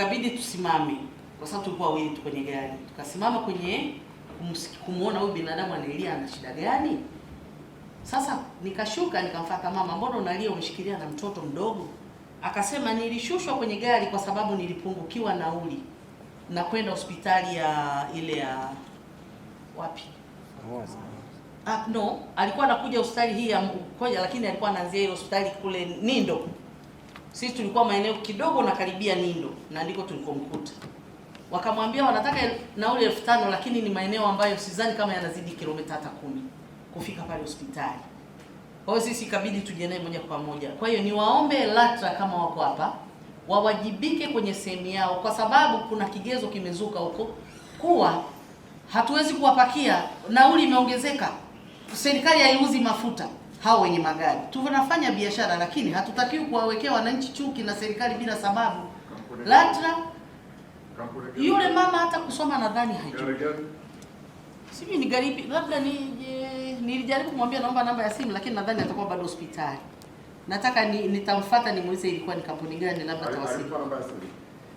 tukabidi tusimame, kwa sababu tulikuwa wawili tu kwenye gari, tukasimama kwenye kumuona huyu binadamu analia, ana shida gani? Sasa nikashuka nikamfuata mama, mbona unalia umeshikilia na mtoto mdogo? Akasema nilishushwa kwenye gari kwa sababu nilipungukiwa nauli na kwenda hospitali ya ile ya wapi? Ah, no, alikuwa anakuja hospitali hii ya Mkoja, lakini alikuwa anaanzia hospitali kule Nindo. Sisi tulikuwa maeneo kidogo na karibia Nindo na ndiko tulikomkuta. Wakamwambia wanataka nauli elfu tano lakini ni maeneo ambayo sidhani kama yanazidi kilomita hata kumi kufika pale hospitali. Kwa hiyo sisi ikabidi tuje naye moja kwa moja. Kwa hiyo niwaombe LATRA kama wako hapa wawajibike kwenye sehemu yao, kwa sababu kuna kigezo kimezuka huko kuwa hatuwezi kuwapakia, nauli imeongezeka, serikali haiuzi mafuta hao wenye magari. Tunafanya biashara, lakini hatutakiwi kuwawekea wananchi chuki na serikali bila sababu. LATRA yule mama hata kusoma nadhani hajui, sijui ni garibi, labda ni nilijaribu kumwambia naomba namba ya simu, lakini nadhani atakuwa bado hospitali. Nataka ni, nitamfuata nimuulize ilikuwa ni kampuni gani, labda tawasili.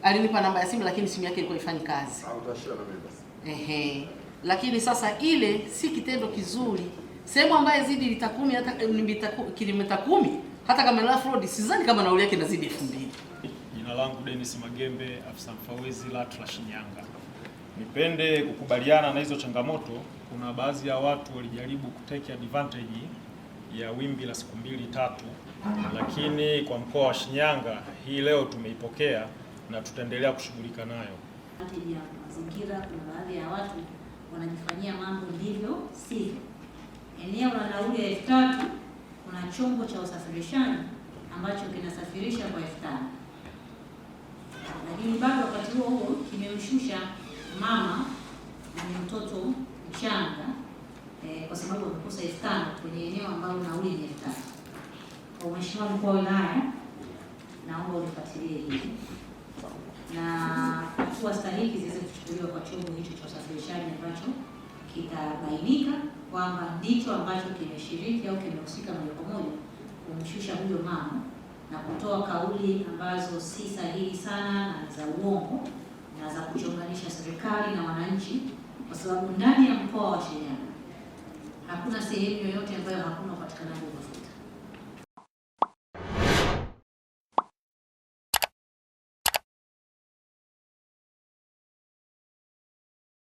Alinipa namba ya simu, lakini simu yake ilikuwa ifanyi kazi. Ehe, lakini sasa ile si kitendo kizuri sehemu ambayo zidi lita kumi hata eh, kilomita kumi hata kama rough road, sidhani kama nauli yake inazidi elfu mbili. Jina langu Dennis Magembe, afisa mfawidhi LATRA Shinyanga. Nipende kukubaliana na hizo changamoto. Kuna baadhi ya watu walijaribu kuteki advantage ya wimbi la siku mbili tatu, lakini kwa mkoa wa Shinyanga hii leo tumeipokea na tutaendelea kushughulika nayo. Mazingira, kuna baadhi ya watu wanajifanyia mambo ndivyo sivyo eneo la nauli ya elfu tatu kuna chombo cha usafirishaji ambacho kinasafirisha kwa elfu tano lakini bado wakati huo huo kimemshusha mama mwenye mtoto mchanga eh, kwa sababu amekosa elfu tano kwenye eneo ambalo nauli ni elfu tatu Kwa Mheshimiwa Mkuu wa Wilaya, naomba unifuatilie hili na hatua stahiki ziweze kuchukuliwa kwa chombo hicho cha usafirishaji ambacho kitabainika kwamba ndicho ambacho kimeshiriki au kimehusika moja kwa moja kumshusha huyo mama na kutoa kauli ambazo si sahihi sana na za uongo na za kuchonganisha serikali na wananchi, kwa sababu ndani ya mkoa wa Shinyanga hakuna sehemu yoyote ambayo